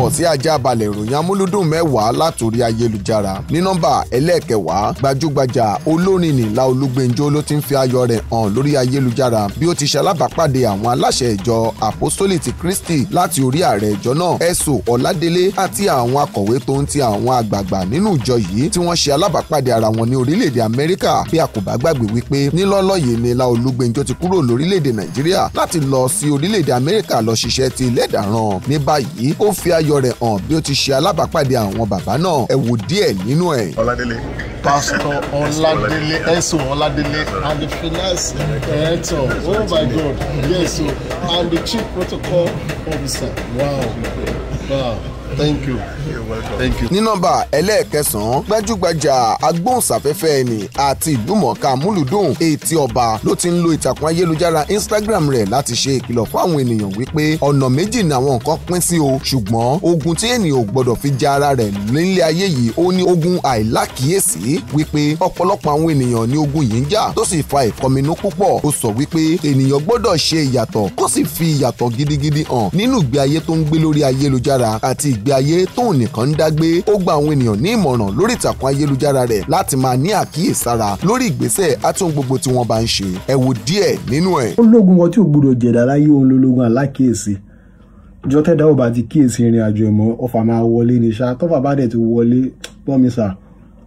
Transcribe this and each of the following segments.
káàbọ̀ sí ajá balẹ̀ ìròyìn amúlúdùn mẹ́wàá látòrí ayélujára ní nọ́mbà ẹlẹ́ẹ̀kẹwàá gbajúgbajà olórin ni Láolú Gbẹ́njọ́ ló ti ń fi ayọ̀ rẹ̀ hàn lórí ayélujára bí ó ti ṣalábàápàdé àwọn aláṣẹ ìjọ àpọ́sítólì ti Kristi láti orí ààrẹ ìjọ náà ẹ̀sùn Ọ̀ládélé àti àwọn akọ̀wé tó ń ti àwọn àgbààgbà nínú ìjọ yìí tí wọ́n ṣe alábàápàdé ara wọn ní orílẹ̀-èdè Amẹ́ríkà bí a kò bá gbàgbé wípé nílọ́lọ́ yìí ni Láolú Gbẹ́njọ́ ti kúrò lórílẹ̀-èdè Nàìjíríà láti lọ sí orílẹ̀-èdè Amẹ́ríkà lọ ṣiṣẹ́ ti ilẹ̀ dàrán ní báyìí ó fi ay àṣeyọrí rẹ̀ hàn bí ó ti ṣe alábàápàdé àwọn bàbá náà ẹ wò díẹ̀ nínú ẹ̀. Ọládélé Pastor Ọládélé Ẹ̀sùn Ọládélé and the finance director oh my God yes o and the chief protocol officer wow wow thank you ní nọ́mbà ẹlẹ́ẹ̀kẹsàn-án gbajúgbajà agbóhùnsáfẹ́fẹ́ ẹni àti ìdúmọ̀ọ́ká amúlùdùn etí ọba ló ti ń lo ìtàkùn ayélujára Instagram rẹ̀ láti ṣe ìkìlọ̀ fún àwọn ènìyàn wípé ọ̀nà méjì ni àwọn nǹkan pín sí o ṣùgbọ́n ogun tí ènìyàn ò gbọ́dọ̀ fi ja ara rẹ̀ nílé ayé yìí ó ní ogun àìlákìyèsí wípé ọ̀pọ̀lọpọ̀ àwọn ènìyàn ní ogun yìí ń jà tó sì fa ìkọminú púpọ̀ ó sọ wípé ènìyàn gbọ́dọ̀ ṣe ìyàtọ̀ kó sì fi ìyàtọ̀ gidigidi hàn nínú ìgbé ayé tó ń gbé lórí ayélujára àti ìgbé ayé tóun nìkan ń dágbé ó gba àwọn ènìyàn ní ìmọ̀ràn lórí ìtàkùn ayélujára rẹ̀ láti máa ní àkíyèsára lórí ìgbésẹ̀ àti ohun gbogbo tí wọ́n bá ń ṣe ẹ wo díẹ̀ nínú ẹ̀. ológun wọn tí ò gbọdọ̀ jẹ̀dá láyé òun lológun alákìyèsí jọ́tẹ́dá ò bá ti kíyèsí ìrìn àjò ẹ̀mọ́ ọfà máa wọlé ní sá tọ́fà bá dẹ̀ ti wọlé pọ́nmi sá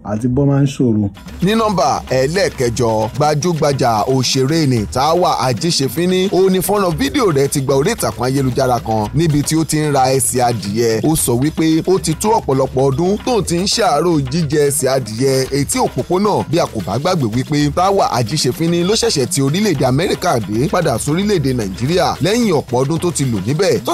àti bọ́ máa ń ṣòro. ní nọ́mbà ẹlẹ́ẹ̀kẹjọ gbajúgbajà òṣèré ni Táwà Ajíṣefínní ó ní fọ́nrán fídíò rẹ̀ ti gba orí ìtàkùn ayélujára kan níbi tí ó ti ń ra ẹsẹ̀ adìyẹ ó sọ wípé ó ti tó ọ̀pọ̀lọpọ̀ ọdún tóun ti ń ṣàárò jíjẹ ẹsẹ̀ adìyẹ etí òpópónà bí a kò bá gbàgbé wípé Táwà Ajíṣefínní ló ṣẹ̀ṣẹ̀ ti orílẹ̀-èdè Amẹ́ríkà dé padà sórílẹ̀-èdè Nàìjíríà lẹ́yìn ọ̀pọ̀ ọdún tó ti lò níbẹ̀ tó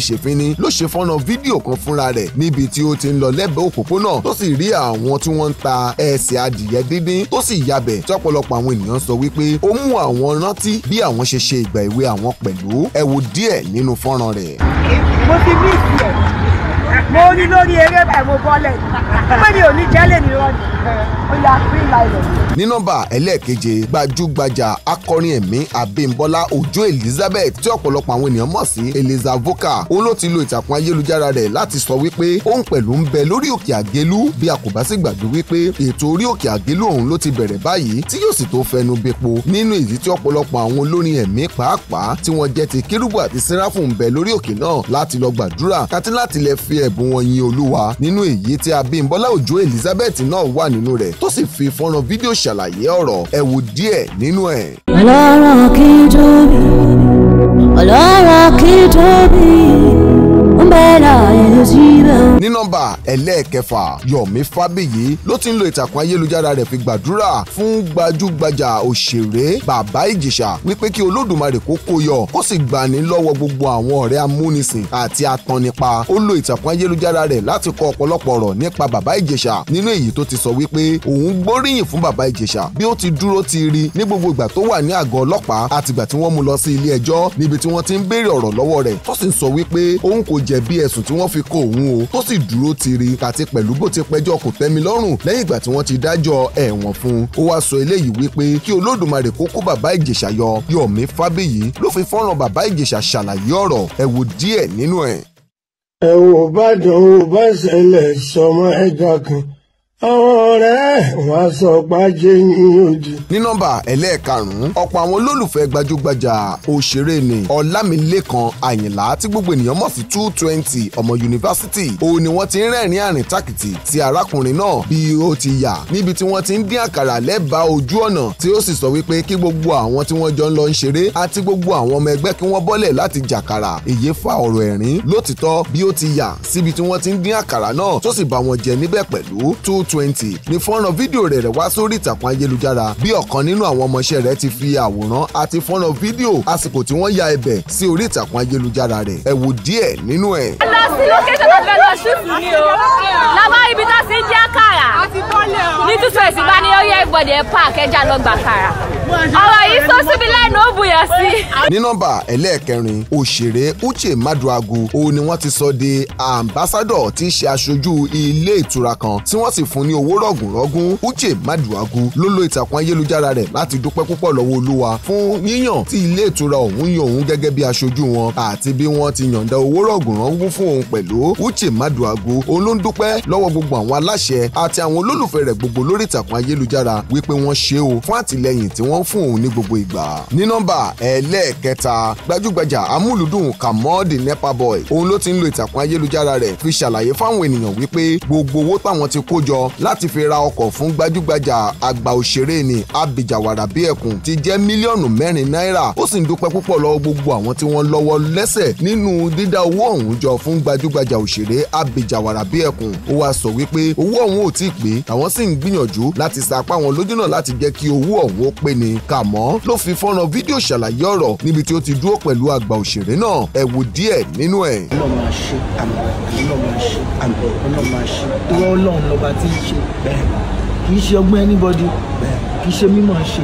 sì ẹni ló ṣe fọ́nà fídíò kan fúnra rẹ̀ níbi tí ó ti ń lọ lẹ́bẹ̀ẹ́ òpópónà tó sì rí àwọn tí wọ́n ń ta ẹsẹ̀ adìyẹ díndín tó sì yabẹ̀ tí ọ̀pọ̀lọpọ̀ àwọn ènìyàn sọ wípé ó mú àwọn rántí bí àwọn ṣe ṣe ìgbà ìwé àwọn pẹ̀lú ẹ díẹ̀ nínú fọ́nrán rẹ̀. mo ti ní ìfẹ́ mo rí lórí eré báyìí mo bọ́lẹ̀ pé mi ò ní jẹ́lẹ̀ ní rọ́ọ̀dì ó yà green lion. ní nọ́mbà ẹlẹ́ẹ̀keje gbajúgbajà akọrin ẹ̀mí Abímbọ́lá Òjó Elizabeth tí ọ̀pọ̀lọpọ̀ àwọn ènìyàn mọ̀ sí Eliza Vocal òun ló ti lo ìtàkùn ayélujára rẹ̀ láti sọ wípé òun pẹ̀lú ń bẹ lórí òkè àgélú bí a kò bá sì gbàgbé wípé ètò orí òkè àgélú òun ló ti bẹ̀rẹ̀ báyìí tí yóò sì tó fẹnu bepo nínú ìdí tí ọ̀pọ̀lọpọ̀ àwọn olórin ẹ̀mí pàápàá tí wọ́n jẹ́ ti kérúbù àti sẹ́ráfù ń bẹ lórí òkè náà láti lọ gbàdúrà àti láti lè fi Bímbọ́lá Òjó Elizabeth náà wà nínú rẹ̀ tó sì fi fọ́nrán fídíò ṣàlàyé ọ̀rọ̀ ẹ wo díẹ̀ nínú ẹ̀. ọlọ́run kì í tóbi ọlọ́run kì í tóbi ń bẹ̀rẹ̀ ní nọ́mbà ẹlẹ́ẹ̀kẹfà Yọ̀mí Fábíyì ló ti ń lo ìtàkùn ayélujára rẹ̀ fi gbàdúrà fún gbajúgbajà òṣèré Bàbá Ìjẹ̀ṣà wípé kí Olódùmarè kó kó yọ kó sì gbà ní lọ́wọ́ gbogbo àwọn ọ̀rẹ́ amúnisìn àti atọ́nipa ó lo ìtàkùn ayélujára rẹ̀ láti kọ ọ̀pọ̀lọpọ̀ ọ̀rọ̀ nípa Bàbá Ìjẹ̀ṣà nínú èyí tó ti sọ wípé òun gbóríyìn fún Bàbá Ìjẹ̀ṣà bí ó ti dúró ti rí ní gbogbo ìgbà tó wà ní àgọ́ ọlọ́pàá àtìgbà ọkọ òun o tó sì dúró tiri àti pẹ̀lú bó ti pẹjọ́ kò tẹ́mi lọ́rùn lẹ́yìn ìgbà tí wọ́n ti dájọ́ ẹ̀wọ̀n fún un ó wáá sọ eléyìí wípé kí olódùmarè kó kó bàbá ìjẹ̀ṣà yọ yọ̀mí fábíyì ló fi fọ́nrán bàbá ìjẹ̀ṣà ṣàlàyé ọ̀rọ̀ ẹ wo díẹ̀ nínú ẹ̀. ẹ wò bàdàn wò bá ṣẹlẹ̀ sọmọ ẹ̀dá kan ọ̀rẹ́ wọn sọ pàjẹ́ yín òdì. ní nọ́mbà ẹlẹ́ẹ̀karùn-ún ọ̀pọ̀ àwọn olólùfẹ́ gbajúgbajà òṣèré ni ọlámilékan àyìnlá tí gbogbo ènìyàn mọ̀ sí two twenty ọmọ yunifásitì òun ni wọ́n ti ń rẹ́rìn-ín àrìn tàkìtì ti arákùnrin náà bí ó ti yà níbi tí wọ́n ti ń dín àkàrà lẹ́bàá ojú ọ̀nà tí ó sì sọ wípé kí gbogbo àwọn tí wọ́n jọ ń lọ ń ṣeré àti gbogbo àwọn ọmọ ẹgbẹ́ kí wọ́n bọ́lẹ̀ láti jàkàrà èyí fa ọ̀rọ̀ ẹ̀rín two twenty ni fọ́nrán fídíò rẹ̀ rẹ̀ wá sórí ìtàkùn ayélujára bí ọ̀kan nínú àwọn ọmọọṣẹ́ rẹ̀ ti fi àwòrán àti fọ́nrán fídíò àsìkò tí wọ́n ya ẹbẹ̀ sí orí ìtàkùn ayélujára rẹ̀ ẹ wo díẹ̀ nínú ẹ̀. lọ sí lókẹ́sọ̀ tó fẹ́ lọ ṣùkú ni o lọ́wọ́ ibi tó ti ń jẹ́ kàrà ní tútù ẹ̀sìn bá ní ó yẹ ìgbọ̀dẹ̀ park ẹja lọ gbà kàrà ọ̀rọ̀ yìí tó síbi lẹ́nu ó b ní nọ́mbà ẹlẹ́ẹ̀kẹrin òṣèré Uche Maduagu òun ni wọ́n ti sọ di ambassadọ̀ tí í ṣe aṣojú ilé ìtura kan tí wọ́n sì fún ní owó rọ̀gùnrọ̀gùn Uche Maduagu ló lo ìtàkùn ayélujára rẹ̀ láti dúpẹ́ púpọ̀ lọ́wọ́ Olúwa fún yíyàn tí ilé ìtura òun yan òun gẹ́gẹ́ bí aṣojú wọn àti bí wọ́n ti yànda owó rọ̀gùnrọ̀gùn fún òun pẹ̀lú Uche Maduagu òun ló ń dúpẹ́ lọ́wọ́ gbogbo àwọn aláṣẹ àti àwọn olólùfẹ́ rẹ̀ gbogbo lórí ìtàkùn ayélujára wípé wọ́n ṣe é o fún àtìlẹ́yìn tí wọ́n fún òun ní gbogbo ìgbà ní nọ́mbà ẹlẹ́ẹ̀k kẹta gbajúgbajà amúlùdùn Kamọ́ the Nepa Boy òun ló ti ń lo ìtàkùn ayélujára rẹ̀ fi ṣàlàyé fáwọn ènìyàn wípé gbogbo owó táwọn ti kó jọ láti fi ra ọkọ̀ fún gbajúgbajà àgbà òṣèré ni Abijawara bí ẹkùn ti jẹ́ mílíọ̀nù mẹ́rin náírà ó sì ń dúpẹ́ púpọ̀ lọ́wọ́ gbogbo àwọn tí wọ́n lọ́wọ́ lẹ́sẹ̀ nínú dídá owó ọ̀hún jọ fún gbajúgbajà òṣèré Abijawara bí ẹkùn ó wáá sọ wípé owó ọ̀hún ò tí ì pé àwọn sì ń gbìyànjú láti sapá wọn lójúnà láti jẹ́ kí owó ọ̀hún ni Kàmọ́ ló fi fọ́nrán fídíò ṣàlàyé níbi tí ó ti dúró pẹ̀lú àgbà òṣèré náà ẹ wo díẹ̀ nínú ẹ̀. ọlọ́run máa ṣe àmì ọlọ́run máa ṣe àmì ọlọ́run máa ṣe ọlọ́run lọ́ba tí ń ṣe bẹ́ẹ̀ kì í ṣe ọgbọ́n anybody bẹ́ẹ̀ kì í ṣe mímọ̀ ṣe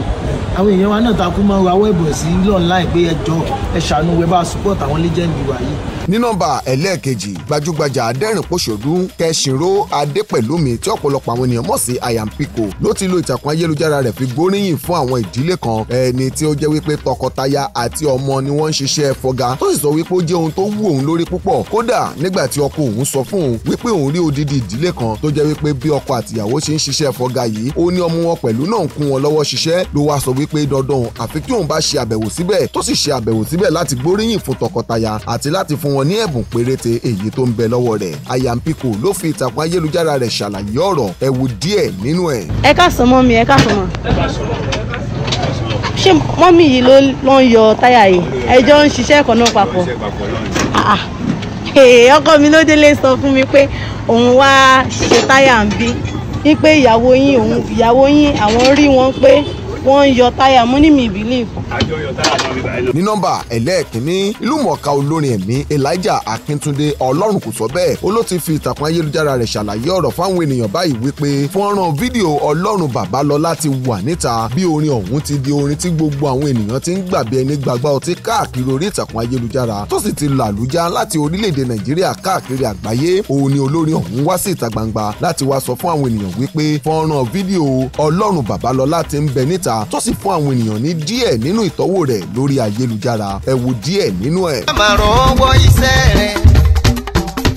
àwọn èèyàn wa náà takú máa ń rawọ́ ẹ̀bùn sí lọ́nláì pé ẹjọ́ ẹ ṣàánú wẹ́ bá support àwọn lẹ́jẹ̀ndì wa yìí. ní nọ́mbà ẹlẹ́ẹ̀kejì gbajúgbajà adẹ́rìn-pọ̀ṣọ́dú Kẹ́ṣìnró tí ọ̀pọ̀lọpọ̀ àwọn ènìyàn mọ̀ sí àyàmpíkò ló ti lo ìtàkùn ayélujára rẹ̀ fi gbóríyìn fún àwọn ìdílé kan ẹni tí ó jẹ́ wípé tọkọtaya àti ọmọ ni wọ́n ń ṣiṣẹ́ fọga tó sì sọ wípé ó jẹ́ ohun tó wù òun lórí púpọ̀ kódà nígbà tí ọkọ òun sọ fún òun wípé òun rí odidi ìdílé kan tó jẹ́ wípé mú wọn lọ́wọ́ ṣiṣẹ́ ló wá sọ wípé dandan àfi kí òun bá ṣe àbẹ̀wò síbẹ̀ tó sì ṣe àbẹ̀wò síbẹ̀ láti gbóríyìn fún tọkọtaya àti láti fún wọn ní ẹ̀bùn péréte èyí tó ń bẹ lọ́wọ́ rẹ̀ Ayam ló fi ìtàkùn ayélujára rẹ̀ ṣàlàyé ọ̀rọ̀ ẹ wo nínú ẹ̀. ẹ káàsán mọ́ mi ẹ káàsán mọ́ ṣé mọ́mì yìí ló ń yọ táyà yìí ẹjọ́ ń ṣiṣẹ́ ẹ̀kọ́ náà papọ̀ ah, ah. ọkọ mi ló délé sọ fún mi pé òun wá ṣe táyà ń bí wípé ìyàwó yín òun ìyàwó yín àwọn rí wọn pé wọ́n ń yọ táyà mo ní mi believe ní nọ́mbà ẹlẹ́ẹ̀kínní ìlúmọ̀ọ́ká olórin ẹ̀mí Elijah akintunde ọlọ́run kò sọ bẹ́ẹ̀ ó ló ti fi ìtàkùn ayélujára rẹ̀ ṣàlàyé ọ̀rọ̀ fáwọn ènìyàn báyìí wípé fọ́nrán fídíò ọlọ́run bàbálọ́lá ti wà níta bí orin ọ̀hún ti di orin tí gbogbo àwọn ènìyàn ti ń gbàgbé ẹni gbàgbá ọtí káàkiri orí ìtàkùn ayélujára tó sì ti làlújá láti orílẹ̀-èdè Nàìjíríà káàkiri ni olórin ọ̀hún wá sí ìta gbangba láti wá sọ fún àwọn ènìyàn wípé fọ́nrán fídíò ọlọ́run bàbálọ́lá ti ń fún ìtọ́wò rẹ̀ lórí ayélujára ẹ wo díẹ̀ nínú ẹ̀. àmàrò owó iṣẹ́ rẹ̀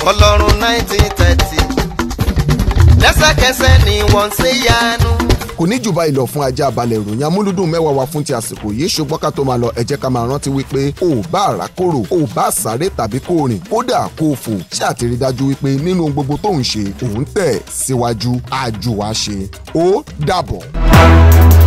ọlọ́run nineteen thirty lẹ́sẹ̀kẹsẹ̀ ni wọ́n ṣe yanu kò ní jù báyìí lọ fún ajá balẹ̀ ìròyìn amúlùdùn mẹ́wàá wa fún ti àsìkò yìí ṣùgbọ́n ká tó máa lọ ẹ ká máa rántí wípé ò bá àrá kòrò ò bá sáré tàbí kó rìn kódà kó fò ṣé àti dájú wípé nínú gbogbo tó ń ṣe òun tẹ̀ síwájú àjùwà ṣe ó dàbọ̀.